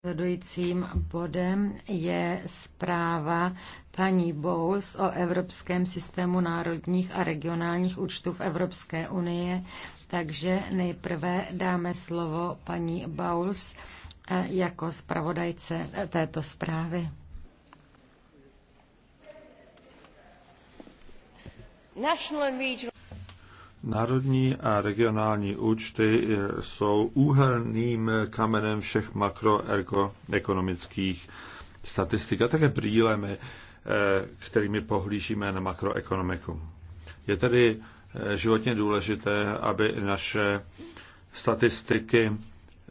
Sledujícím bodem je zpráva paní Bowles o Evropském systému národních a regionálních účtů v Evropské unie. Takže nejprve dáme slovo paní Bowles eh, jako zpravodajce eh, této zprávy. National and regional Národní a regionální účty eh, jsou úhelným kamenem všech makroekonomických statistik a také brýlemi, eh, kterými pohlížíme na makroekonomiku. Je tedy eh, životně důležité, aby naše statistiky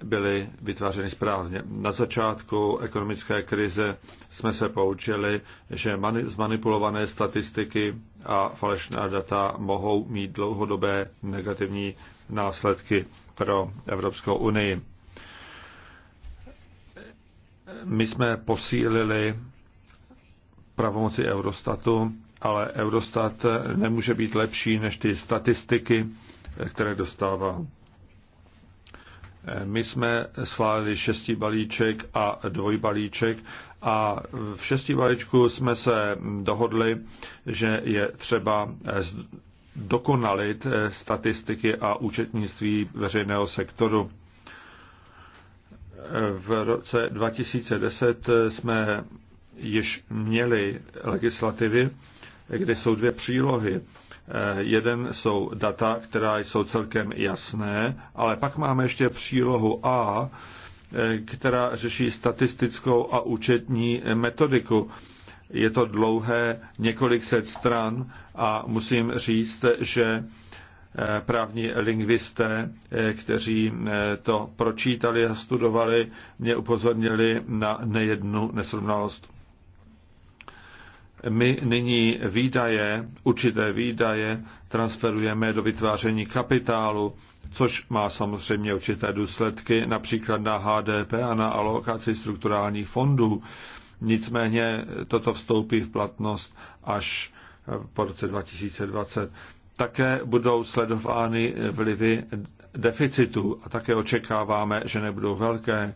byly vytvářeny správně. Na začátku ekonomické krize jsme se poučili, že zmanipulované statistiky a falešná data mohou mít dlouhodobé negativní následky pro Evropskou unii. My jsme posílili pravomoci Eurostatu, ale Eurostat nemůže být lepší než ty statistiky, které dostává. My jsme schválili šestý balíček a dvoj balíček a v šestý balíčku jsme se dohodli, že je třeba dokonalit statistiky a účetnictví veřejného sektoru. V roce 2010 jsme již měli legislativy, kde jsou dvě přílohy Eh, jeden jsou data, která jsou celkem jasné, ale pak máme ještě přílohu A, eh, která řeší statistickou a účetní metodiku. Je to dlouhé, několik set stran a musím říct, že eh, právní lingvisté, kteří to pročítali a studovali, mě upozornili na nejednu nesrovnalost my nyní výdaje, určité výdaje, transferujeme do vytváření kapitálu, což má samozřejmě určité důsledky, například na HDP a na alokaci strukturálních fondů. Nicméně toto vstoupí v platnost až eh, po roce 2020. Také budou sledovány vlivy deficitu a také očekáváme, že nebudou velké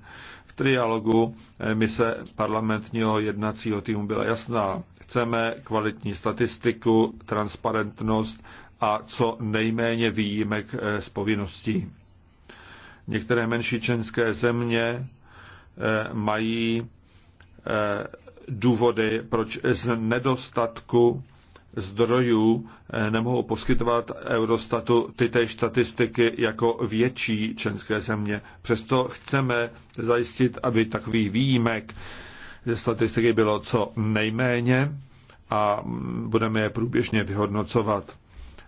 trialogu eh, mise parlamentního jednacího týmu byla jasná. Chceme kvalitní statistiku, transparentnost a co nejméně výjimek eh, z povinností. Některé menší členské země eh, mají důvody, proč z nedostatku zdrojů eh, nemohou poskytovat Eurostatu tyto statistiky jako větší členské země. Přesto chceme zajistit, aby takový výjimek ze statistiky bylo co nejméně a budeme je průběžně vyhodnocovat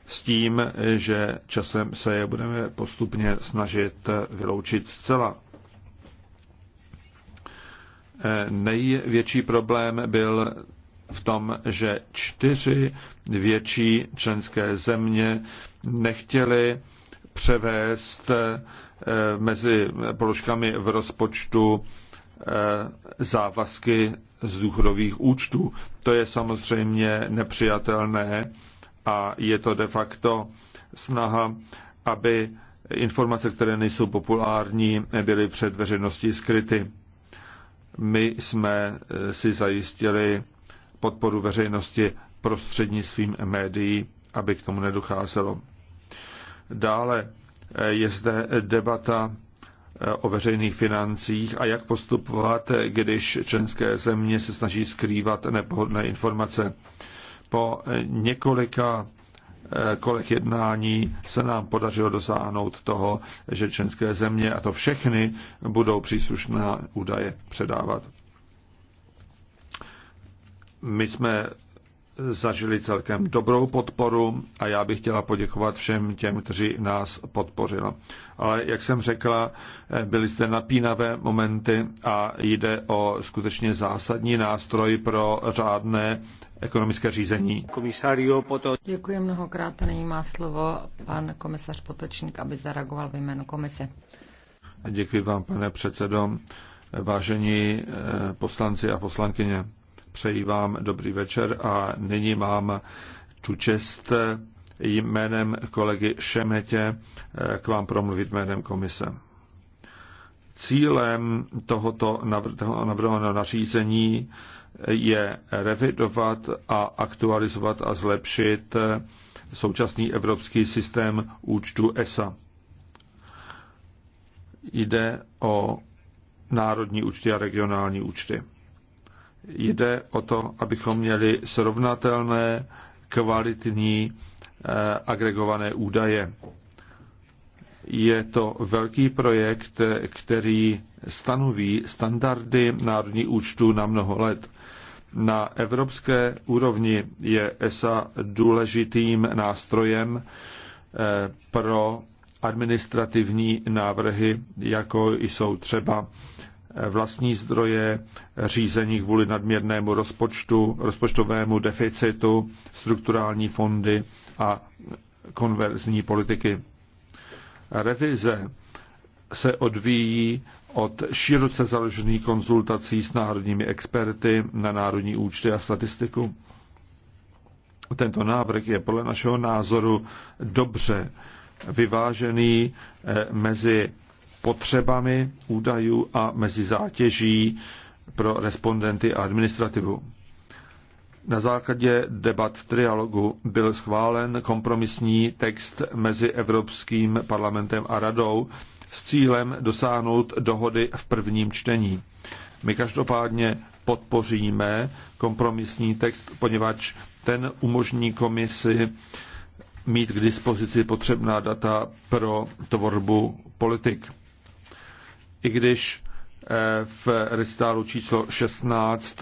s tím, že časem se je budeme postupně snažit vyloučit zcela. Eh, největší problém byl v tom, že čtyři větší členské země nechtěly převést eh, mezi položkami v rozpočtu eh, závazky z důchodových účtů. To je samozřejmě nepřijatelné a je to de facto snaha, aby informace, které nejsou populární, byly před veřejností skryty. My jsme eh, si zajistili podporu veřejnosti prostřednictvím médií, aby k tomu nedocházelo. Dále eh, je zde debata eh, o veřejných financích a jak postupovat, když členské země se snaží skrývat nepohodlné informace. Po eh, několika kolech jednání se nám podařilo dosáhnout toho, že členské země, a to všechny, budou příslušná údaje předávat. My jsme zažili celkem dobrou podporu a já bych chtěla poděkovat všem těm, kteří nás podpořili. Ale jak jsem řekla, byly zde napínavé momenty a jde o skutečně zásadní nástroj pro řádné ekonomické řízení. Děkuji mnohokrát a nyní má slovo pan komisař Potočník, aby zareagoval ve jménu komise. Děkuji vám, pane předsedo, vážení eh, poslanci a poslankyně. Přeji vám dobrý večer a nyní mám tu čest jménem kolegy Šemetě eh, k vám promluvit jménem komise. Cílem tohoto navrhovaného nařízení je revidovat a aktualizovat a zlepšit eh, současný evropský systém účtu ESA. Jde o národní účty a regionální účty. Jde o to, abychom měli srovnatelné, kvalitní eh, agregované údaje. Je to velký projekt, který stanoví standardy národní účtu na mnoho let. Na evropské úrovni je ESA důležitým nástrojem eh, pro administrativní návrhy, jako jsou třeba vlastní zdroje, řízení kvůli nadměrnému rozpočtu, rozpočtovému deficitu, strukturální fondy a konverzní politiky. Revize se odvíjí od široce založených konzultací s národními experty na národní účty a statistiku. Tento návrh je podle našeho názoru dobře vyvážený eh, mezi potřebami údajů a mezi zátěží pro respondenty a administrativu. Na základě debat v trialogu byl schválen kompromisní text mezi Evropským parlamentem a radou s cílem dosáhnout dohody v prvním čtení. My každopádně podpoříme kompromisní text, poněvadž ten umožní komisi mít k dispozici potřebná data pro tvorbu politik i když eh, v recitálu číslo 16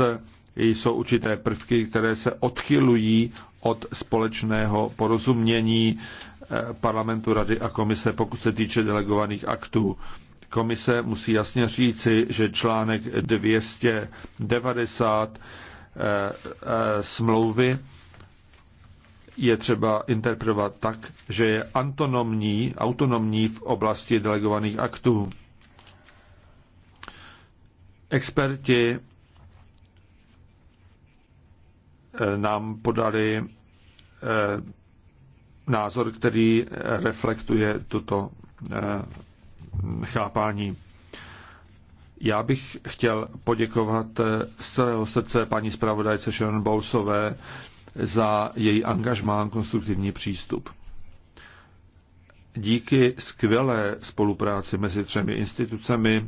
jsou určité prvky, které se odchylují od společného porozumění eh, parlamentu, rady a komise, pokud se týče delegovaných aktů. Komise musí jasně říci, že článek 290 eh, smlouvy je třeba interpretovat tak, že je autonomní, autonomní v oblasti delegovaných aktů. Experti eh, nám podali eh, názor, který eh, reflektuje tuto chápání. Já bych chtěl poděkovat z celého srdce paní zpravodajce Sharon Bousové za její angažmán konstruktivní přístup. Díky skvělé spolupráci mezi třemi institucemi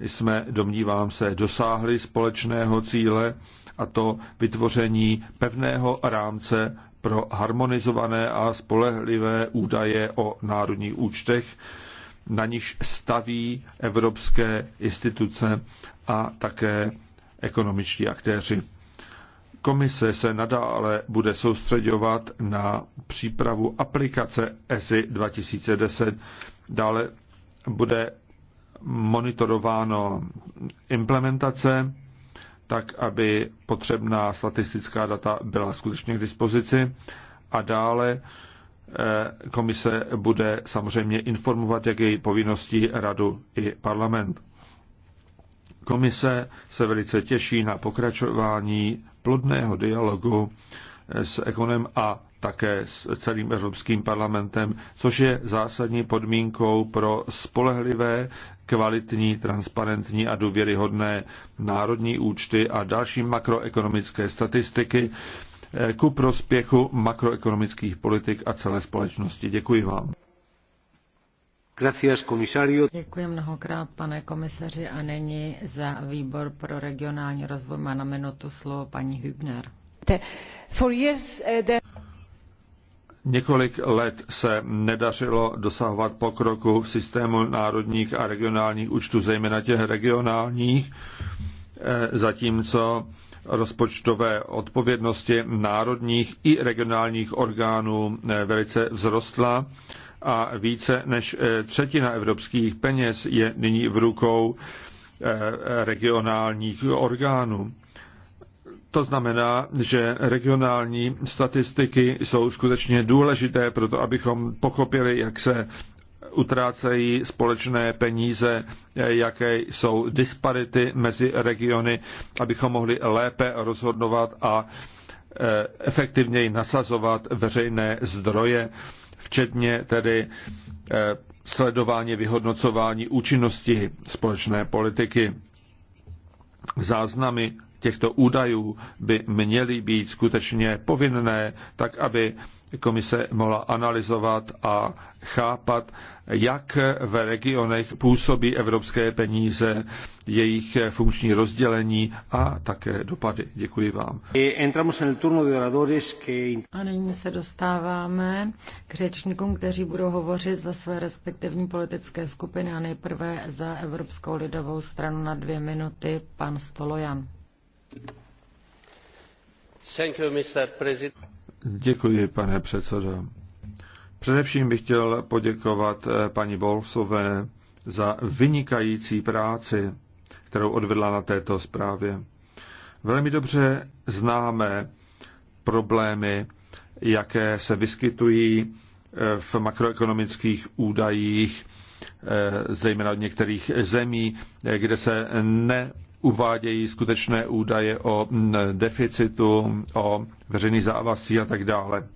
jsme, domnívám se, dosáhli společného cíle a to vytvoření pevného rámce pro harmonizované a spolehlivé údaje o národních účtech, na niž staví evropské instituce a také ekonomičtí aktéři. Komise se nadále bude soustředovat na přípravu aplikace e ESI 2010. Dále bude monitorováno implementace, tak aby potřebná statistická data byla skutečně k dispozici. A dále eh, komise bude samozřejmě informovat, jak její povinností radu i parlament. Komise se velice těší na pokračování plodného dialogu s Ekonem a také s celým Evropským parlamentem, což je zásadní podmínkou pro spolehlivé, kvalitní, transparentní a důvěryhodné národní účty a další makroekonomické statistiky eh, ku prospěchu makroekonomických politik a celé společnosti. Děkuji vám. Děkuji mnohokrát, pane komisaři, a není za výbor pro regionální rozvoj má na minutu slovo paní Hübner. For years, uh, eh, the... Několik let se nedařilo dosahovat pokroku v systému národních a regionálních účtů, zejména těch regionálních, eh, zatímco rozpočtové odpovědnosti národních i regionálních orgánů eh, velice vzrostla a více než eh, třetina evropských peněz je nyní v rukou regionálních orgánů. To znamená, že regionální statistiky jsou skutečně důležité pro to, abychom pochopili, jak se utrácejí společné peníze, jaké jsou disparity mezi regiony, abychom mohli lépe rozhodovat a e, efektivněji nasazovat veřejné zdroje, včetně tedy e, sledování, vyhodnocování účinnosti společné politiky. Záznamy těchto údajů by měly být skutečně povinné, tak aby komise mohla analyzovat a chápat, jak v regionech působí evropské peníze, jejich funkční rozdělení a také dopady. Děkuji vám. Eh, a nyní se dostáváme k řečníkům, kteří budou hovořit za své respektivní politické skupiny a nejprve za Evropskou lidovou stranu na dvě minuty pan Stolojan. Děkuji, pane předsedo. Především bych chtěl poděkovat eh, paní Bolsové za vynikající práci, kterou odvedla na této zprávě. Velmi dobře známe problémy, jaké se vyskytují eh, v makroekonomických údajích, eh, zejména od některých zemí, kde se ne uvádějí skutečné údaje o deficitu, o veřejných závazcích a tak dále.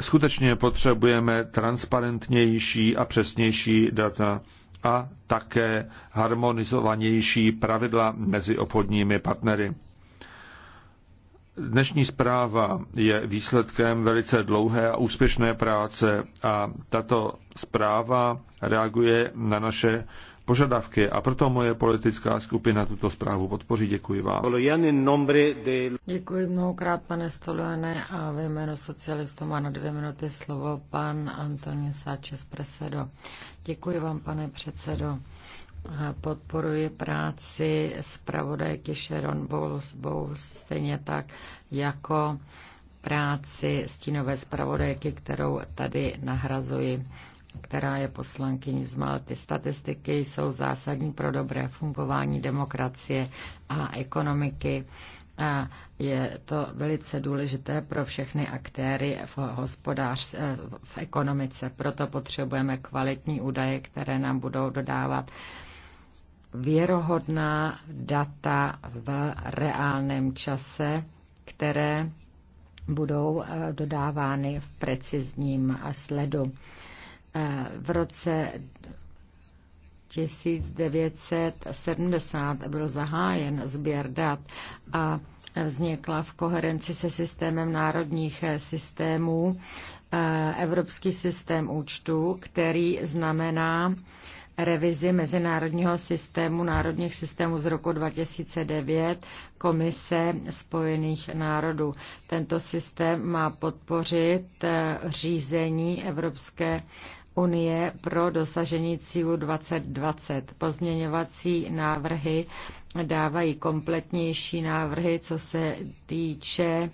Skutečně potřebujeme transparentnější a přesnější data a také harmonizovanější pravidla mezi obchodními partnery. Dnešní zpráva je výsledkem velice dlouhé a úspěšné práce a tato zpráva reaguje na naše požadavky a proto moje politická skupina tuto zprávu podpoří. Děkuji vám. Děkuji mnohokrát, pane Stolene a ve jménu socialistů má na dvě minuty slovo pan Antonín Sáčes Presedo. Děkuji vám, pane předsedo. Podporuji práci zpravodajky Sharon Bowles, Bowles stejně tak jako práci stínové zpravodajky, kterou tady nahrazuji která je poslankyní z Malty. Statistiky jsou zásadní pro dobré fungování demokracie a ekonomiky. A je to velice důležité pro všechny aktéry v, hospodář, v ekonomice. Proto potřebujeme kvalitní údaje, které nám budou dodávat věrohodná data v reálném čase, které budou eh, dodávány v precizním eh, sledu. V roce 1970 byl zahájen sběr dat a vznikla v koherenci se systémem národních systémů e, evropský systém účtu, který znamená revizi mezinárodního systému, národních systémů z roku 2009 Komise spojených národů. Tento systém má podpořit eh, řízení Evropské unie pro dosažení cílu 2020. Pozměňovací návrhy dávají kompletnější návrhy, co se týče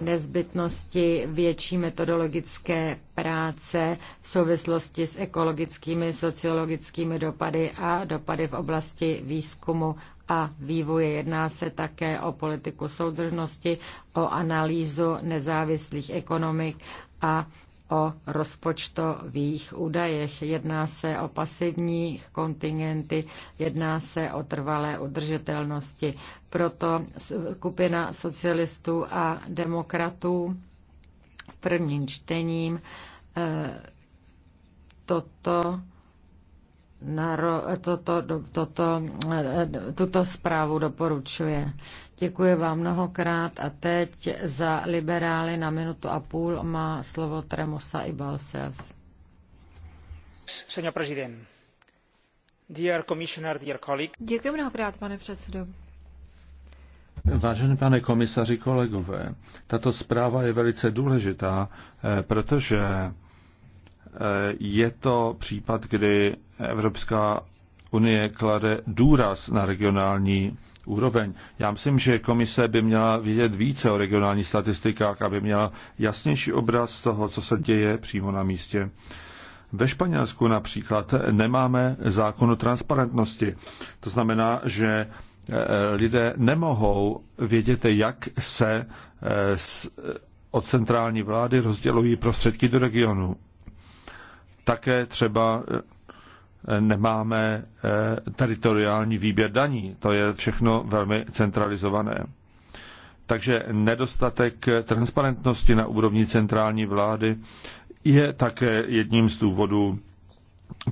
nezbytnosti větší metodologické práce v souvislosti s ekologickými, sociologickými dopady a dopady v oblasti výzkumu a vývoje. Jedná se také o politiku soudržnosti, o analýzu nezávislých ekonomik a o rozpočtových údajech. Jedná se o pasivní kontingenty, jedná se o trvalé udržitelnosti. Proto skupina socialistů a demokratů v prvním čtením eh, toto naro, toto, toto, tuto zprávu doporučuje. Děkuji vám mnohokrát a teď za liberály na minutu a půl má slovo Tremosa i Balsels. Děkuji mnohokrát, pane předsedo. Vážený pane komisaři, kolegové, tato zpráva je velice důležitá, eh, protože Eh, je to případ, kdy Evropská unie klade důraz na regionální úroveň. Já myslím, že komise by měla vědět více o regionálních statistikách, aby měla jasnější obraz toho, co se děje přímo na místě. Ve Španělsku například nemáme zákon o transparentnosti. To znamená, že eh, lidé nemohou vědět, jak se eh, od centrální vlády rozdělují prostředky do regionu. Také třeba eh, nemáme eh, teritoriální výběr daní. To je všechno velmi centralizované. Takže nedostatek transparentnosti na úrovni centrální vlády je také jedním z důvodů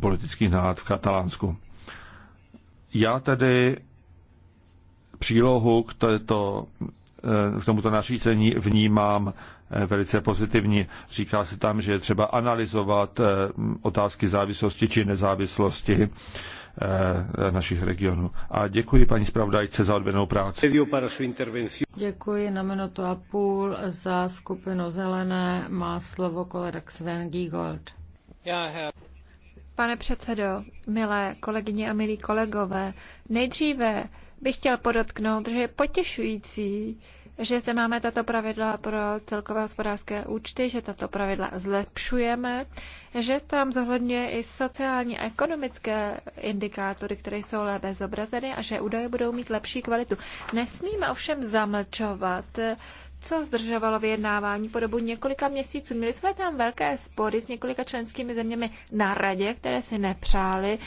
politických nád v Katalánsku. Já tedy přílohu k této k eh, tomuto nařízení vnímám eh, velice pozitivní. Říká se tam, že je třeba analyzovat eh, otázky závislosti či nezávislosti našich regionů. A děkuji paní zpravodajce za odvedenou práci. Děkuji na minutu a půl za skupinu Zelené. Má slovo kolega Sven Giegold. Pane předsedo, milé kolegyně a milí kolegové, nejdříve bych chtěl podotknout, že je potěšující, že zde máme tato pravidla pro celkové hospodářské účty, že tato pravidla zlepšujeme, že tam zohledňuje i sociální a ekonomické indikátory, které jsou lépe zobrazeny a že údaje budou mít lepší kvalitu. Nesmíme ovšem zamlčovat co zdržovalo vyjednávání po dobu několika měsíců. Měli jsme tam velké spory s několika členskými zeměmi na radě, které si nepřáli,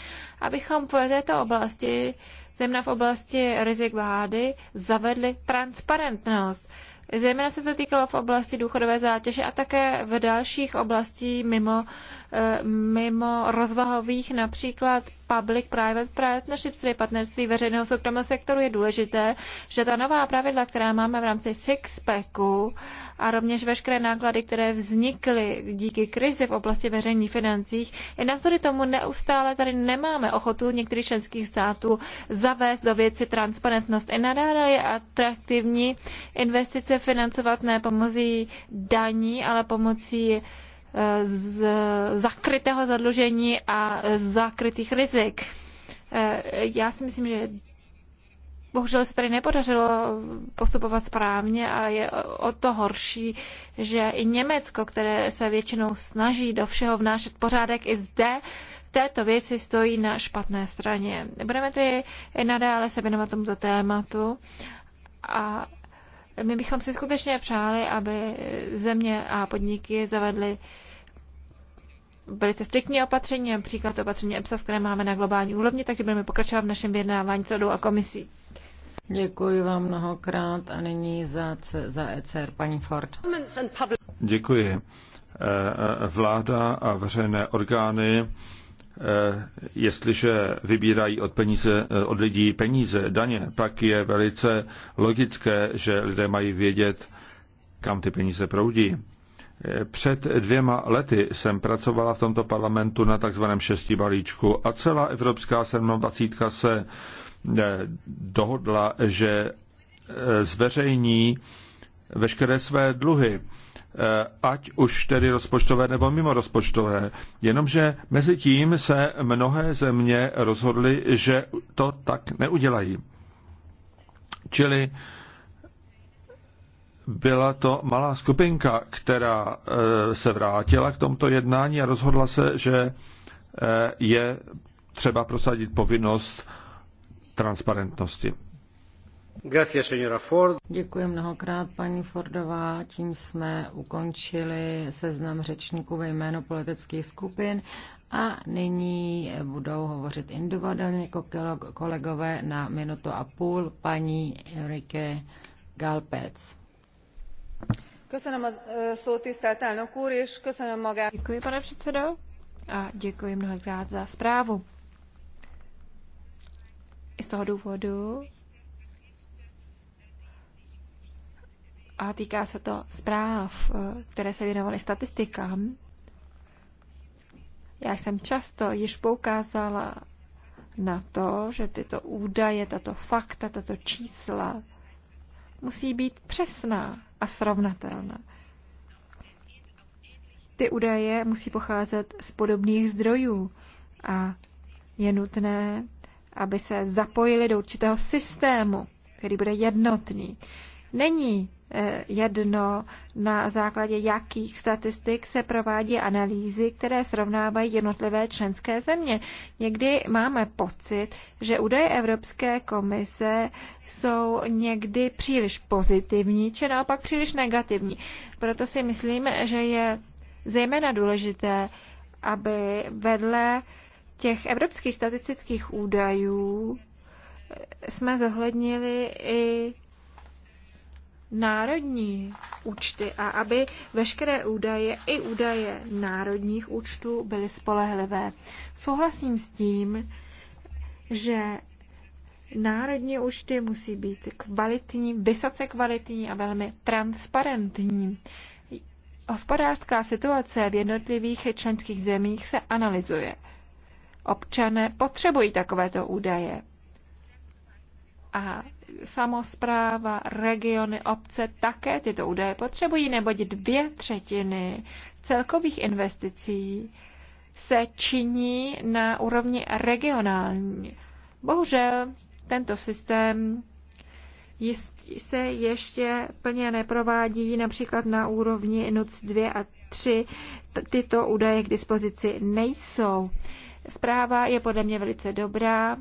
abychom v této oblasti, zejména v oblasti rizik vlády, zavedli transparentnost. Zejména se to týkalo v oblasti důchodové zátěže a také v dalších oblastí mimo, eh, mimo rozvahových, například public-private partnerships, tedy partnerství veřejného soukromého sektoru, je důležité, že ta nová pravidla, která máme v rámci SIXPACu a rovněž veškeré náklady, které vznikly díky krizi v oblasti veřejných financích, i navzory tomu neustále tady nemáme ochotu některých členských států zavést do věci transparentnost. I nadále je atraktivní investice financovat ne pomocí daní, ale pomocí z zakrytého zadlužení a zakrytých rizik. E, já si myslím, že bohužel se tady nepodařilo postupovat správně a je o to horší, že i Německo, které se většinou snaží do všeho vnášet pořádek, i zde v této věci stojí na špatné straně. Budeme tedy i nadále se věnovat tomuto tématu a my bychom si skutečně přáli, aby země a podniky zavedly velice striktní opatření, například opatření EPSA, které máme na globální úrovni, takže budeme pokračovat v našem vyjednávání s radou a komisí. Děkuji vám mnohokrát a nyní za, za ECR paní Ford. Děkuji. Eh, vláda a veřejné orgány eh, jestliže vybírají od, peníze, eh, od lidí peníze, daně, pak je velice logické, že lidé mají vědět, kam ty peníze proudí. Před dvěma lety jsem pracovala v tomto parlamentu na tzv. šestí balíčku a celá Evropská 27 se eh, dohodla, že eh, zveřejní veškeré své dluhy, eh, ať už tedy rozpočtové nebo mimo rozpočtové. Jenomže mezi tím se mnohé země rozhodly, že to tak neudělají. Čili byla to malá skupinka, která eh, se vrátila k tomto jednání a rozhodla se, že eh, je třeba prosadit povinnost transparentnosti. Děkuji mnohokrát, paní Fordová. Tím jsme ukončili seznam řečníků ve jménu politických skupin a nyní budou hovořit individuálně jako kolegové na minutu a půl paní Enrique Galpec. Děkuji, pane předsedo, a děkuji mnohokrát za zprávu. I z toho důvodu, a týká se to zpráv, které se věnovaly statistikám, já jsem často již poukázala na to, že tyto údaje, tato fakta, tato čísla musí být přesná a srovnatelná. Ty údaje musí pocházet z podobných zdrojů a je nutné, aby se zapojili do určitého systému, který bude jednotný. Není jedno, na základě jakých statistik se provádí analýzy, které srovnávají jednotlivé členské země. Někdy máme pocit, že údaje Evropské komise jsou někdy příliš pozitivní, či naopak příliš negativní. Proto si myslím, že je zejména důležité, aby vedle těch evropských statistických údajů jsme zohlednili i národní účty a aby veškeré údaje i údaje národních účtů byly spolehlivé. Souhlasím s tím, že národní účty musí být kvalitní, vysoce kvalitní a velmi transparentní. Hospodářská situace v jednotlivých členských zemích se analyzuje. Občané potřebují takovéto údaje. A samozpráva, regiony, obce také tyto údaje potřebují, neboť dvě třetiny celkových investicí se činí na úrovni regionální. Bohužel tento systém se ještě plně neprovádí například na úrovni NUC 2 a 3. Tyto údaje k dispozici nejsou. Zpráva je podle mě velice dobrá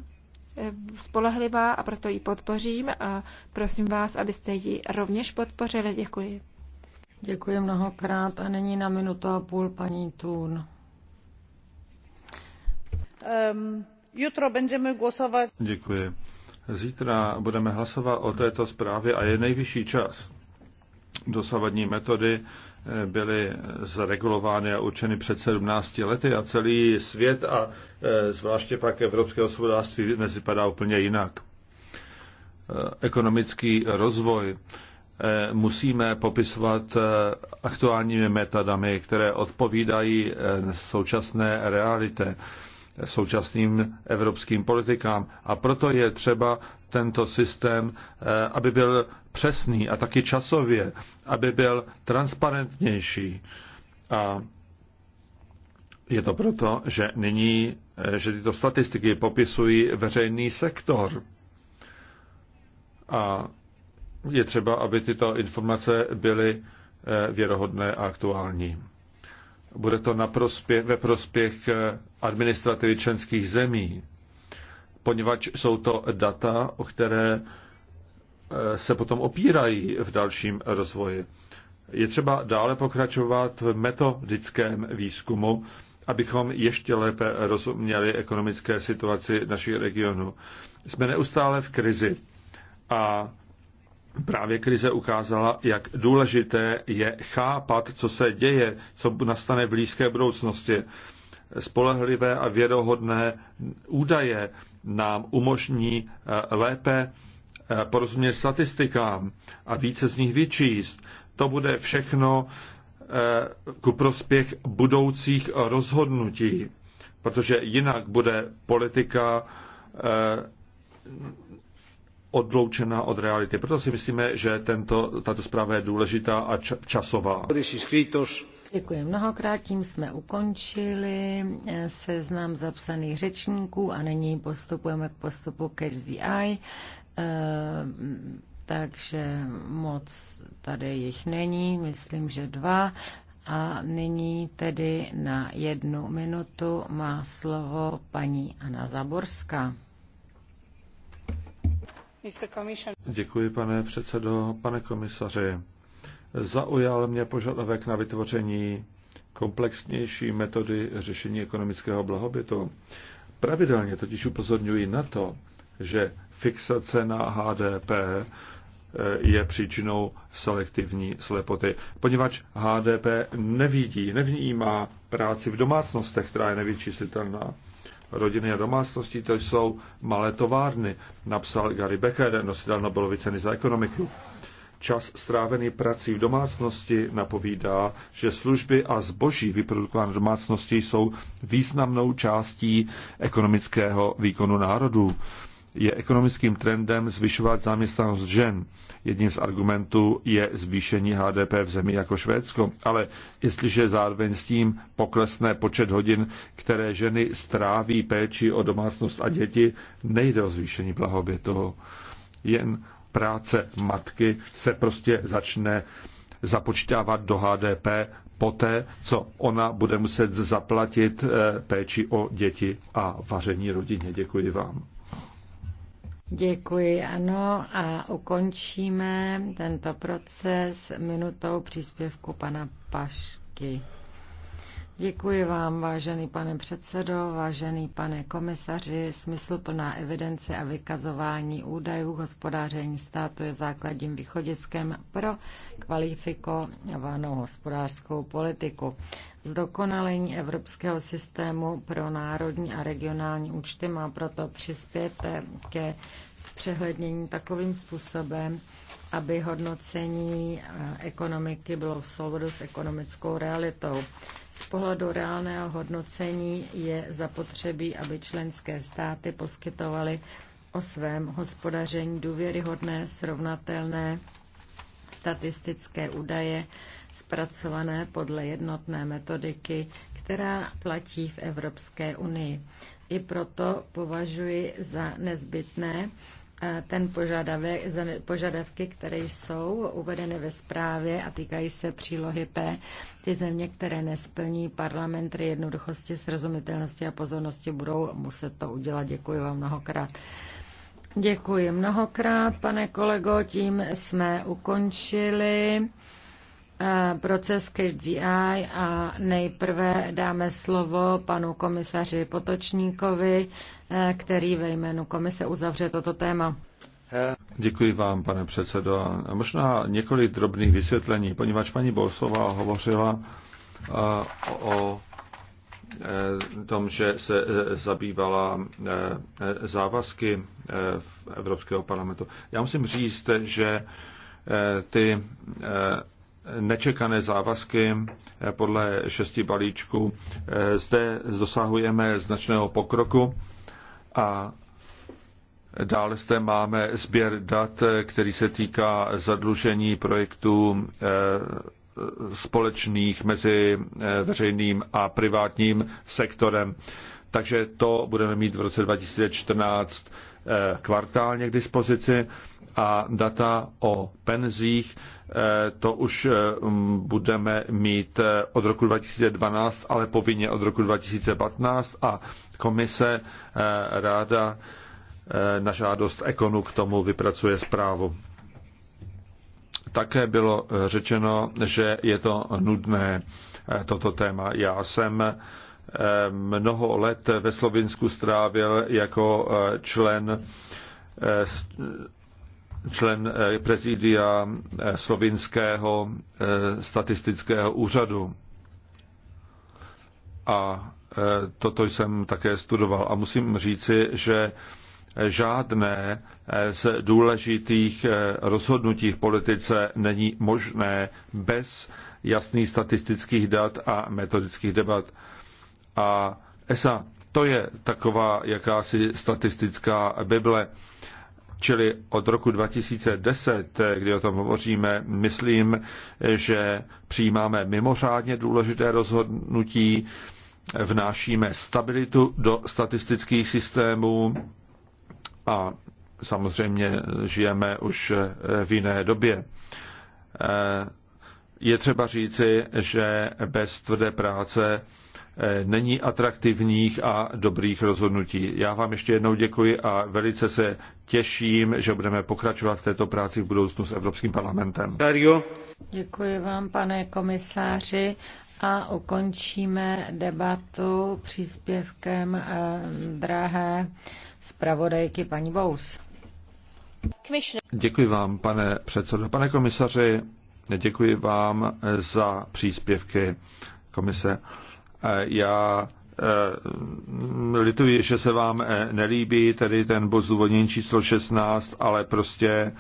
Eh, spolehlivá a proto ji podpořím a prosím vás, abyste ji rovněž podpořili. Děkuji. Děkuji mnohokrát a není na minutu a půl paní Tun. Um, ehm, jutro budeme hlasovat. Děkuji. Zítra budeme hlasovat o této zprávě a je nejvyšší čas. Dosavadní metody byly zregulovány a určeny před 17 lety a celý svět a e, zvláště pak evropské hospodářství dnes vypadá úplně jinak. E, ekonomický rozvoj e, musíme popisovat aktuálními metodami, které odpovídají současné realitě současným evropským politikám. A proto je třeba tento systém, eh, aby byl přesný a taky časově, aby byl transparentnější. A je to proto, že nyní, eh, že tyto statistiky popisují veřejný sektor. A je třeba, aby tyto informace byly eh, věrohodné a aktuální. Bude to na prospěch, ve prospěch eh, administrativy členských zemí, poněvadž jsou to data, o které eh, se potom opírají v dalším rozvoji. Je třeba dále pokračovat v metodickém výzkumu, abychom ještě lépe rozuměli ekonomické situaci našich regionu. Jsme neustále v krizi a Právě krize ukázala, jak důležité je chápat, co se děje, co nastane v blízké budoucnosti. Spolehlivé a věrohodné údaje nám umožní eh, lépe eh, porozumět statistikám a více z nich vyčíst. To bude všechno eh, ku prospěch budoucích rozhodnutí, protože jinak bude politika odloučená od reality. Proto si myslíme, že tento, tato zpráva je důležitá a časová. Děkuji mnohokrát, tím jsme ukončili eh, seznam zapsaných řečníků a nyní postupujeme k postupu Catch the Eye. Eh, takže moc tady jich není, myslím, že dva. A nyní tedy na jednu minutu má slovo paní Anna Zaborská. Děkuji, pane předsedo, pane komisaři. Zaujal mě požadavek na vytvoření komplexnější metody řešení ekonomického blahobytu. Pravidelně totiž upozorňuji na to, že fixace na HDP eh, je příčinou selektivní slepoty, poněvadž HDP nevidí, nevnímá práci v domácnostech, která je nevyčíslitelná rodiny a domácnosti, to jsou malé továrny, napsal Gary Becker, nositel Nobelovy ceny za ekonomiku. Čas strávený prací v domácnosti napovídá, že služby a zboží vyprodukované domácnosti jsou významnou částí ekonomického výkonu národů je ekonomickým trendem zvyšovat zaměstnanost žen. Jedním z argumentů je zvýšení HDP v zemi jako Švédsko, ale jestliže zároveň s tím poklesne počet hodin, které ženy stráví péči o domácnost a děti, nejde o zvýšení blahobytu. Jen práce matky se prostě začne započítávat do HDP poté, co ona bude muset zaplatit eh, péči o děti a vaření rodině. Děkuji vám. Děkuji, ano, a ukončíme tento proces minutou příspěvku pana Pašky. Děkuji vám, vážený pane předsedo, vážený pane komisaři. Smysluplná evidence a vykazování údajů hospodáření státu je základním východiskem pro kvalifikovanou hospodářskou politiku. Zdokonalení evropského systému pro národní a regionální účty má proto přispět ke zpřehlednění takovým způsobem, aby hodnocení eh, ekonomiky bylo v souladu s ekonomickou realitou. Z pohledu reálného hodnocení je zapotřebí, aby členské státy poskytovaly o svém hospodaření důvěryhodné, srovnatelné statistické údaje zpracované podle jednotné metodiky, která platí v Evropské unii. I proto považuji za nezbytné, ten požadavek, požadavky, které jsou uvedeny ve zprávě a týkají se přílohy P, ty země, které nesplní parlamentry jednoduchosti, srozumitelnosti a pozornosti, budou muset to udělat. Děkuji vám mnohokrát. Děkuji mnohokrát, pane kolego, tím jsme ukončili. Eh, proces KGI a nejprve dáme slovo panu komisaři Potočníkovi, eh, který ve jménu komise uzavře toto téma. Děkuji vám, pane předsedo. Možná několik drobných vysvětlení, poněvadž paní Bolsová hovořila eh, o tom, že se zabývala závazky v Evropského parlamentu. Já musím říct, že ty nečekané závazky eh, podle šesti balíčků. Eh, zde dosahujeme značného pokroku a dále zde máme sběr dat, eh, který se týká zadlužení projektů společných mezi veřejným a privátním sektorem. Takže to budeme mít v roce 2014 kvartálně k dispozici a data o penzích, eh, to už eh, budeme mít eh, od roku 2012, ale povinně od roku 2015 a komise ráda na žádost Ekonu k tomu vypracuje zprávu. Také bylo řečeno, že je to nudné, toto téma. Já jsem mnoho let ve Slovinsku strávil jako člen člen eh, prezidia eh, slovinského eh, statistického úřadu. A toto jsem také studoval. A musím říci, že žádné z důležitých rozhodnutí v politice není možné bez jasných statistických dat a metodických debat. A ESA, to je taková jakási statistická Bible. Čili od roku 2010, kdy o tom hovoříme, myslím, že přijímáme mimořádně důležité rozhodnutí, vnášíme stabilitu do statistických systémů a samozřejmě žijeme už v jiné době. Je třeba říci, že bez tvrdé práce Eh, není atraktivních a dobrých rozhodnutí. Já vám ještě jednou děkuji a velice se těším, že budeme pokračovat v této práci v budoucnu s Evropským parlamentem. Dario. Děkuji vám, pane komisáři, a ukončíme debatu příspěvkem eh, drahé zpravodajky paní Bous. Děkuji vám, pane předsedo. Pane komisaři, děkuji vám za příspěvky komise. E, já e, lituji, že se vám e, nelíbí tedy ten bod zdůvodnění číslo 16, ale prostě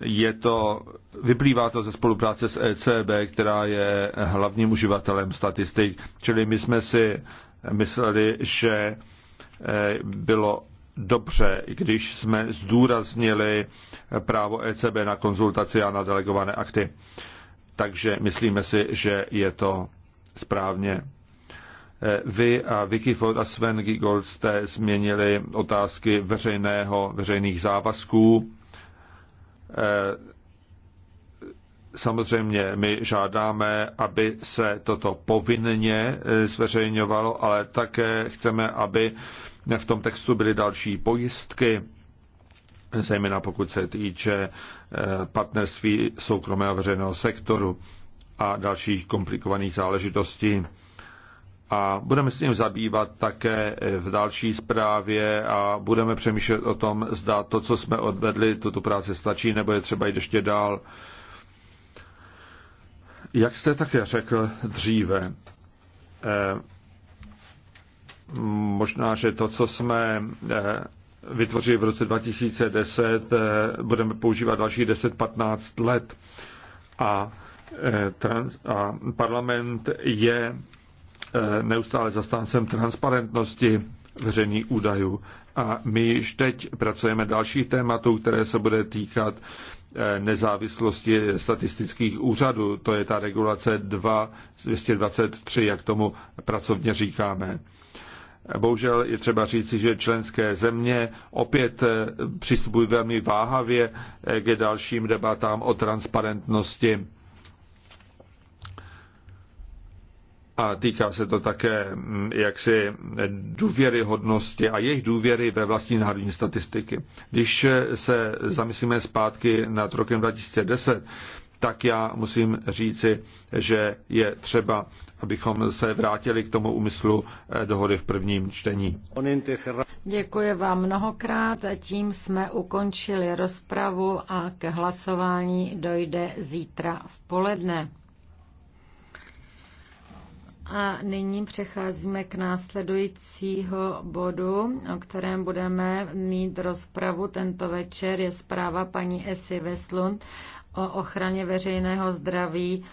je to, vyplývá to ze spolupráce s ECB, která je hlavním uživatelem statistik. Čili my jsme si mysleli, že bylo dobře, když jsme zdůraznili právo ECB na konzultaci a na delegované akty. Takže myslíme si, že je to správně. Eh, vy a Vicky Ford a Sven Giegold jste změnili otázky veřejného, veřejných závazků. Eh, samozřejmě my žádáme, aby se toto povinně eh, zveřejňovalo, ale také chceme, aby v tom textu byly další pojistky, zejména pokud se týče partnerství soukromého veřejného sektoru a dalších komplikovaných záležitostí. A budeme s tím zabývat také v další zprávě a budeme přemýšlet o tom, zda to, co jsme odvedli, tuto práci stačí, nebo je třeba jít ještě dál. Jak jste také řekl dříve, eh, možná, že to, co jsme eh, vytvořili v roce 2010, eh, budeme používat další 10-15 let. A Eh, trans- a parlament je eh, neustále zastáncem transparentnosti veřejných údajů. A my již teď pracujeme dalších tématů, které se bude týkat eh, nezávislosti statistických úřadů. To je ta regulace 2, 223, jak tomu pracovně říkáme. Bohužel je třeba říci, že členské země opět přistupují velmi váhavě k dalším debatám o transparentnosti a týká se to také mm, jaksi důvěryhodnosti a jejich důvěry ve vlastní národní statistiky. Když se zamyslíme zpátky nad rokem 2010, tak já musím říci, že je třeba, abychom se vrátili k tomu úmyslu eh, dohody v prvním čtení. Děkuji vám mnohokrát. Tím jsme ukončili rozpravu a k hlasování dojde zítra v poledne. A nyní přecházíme k následujícího bodu, o kterém budeme mít rozpravu tento večer. Je zpráva paní Esy Veslund o ochraně veřejného zdraví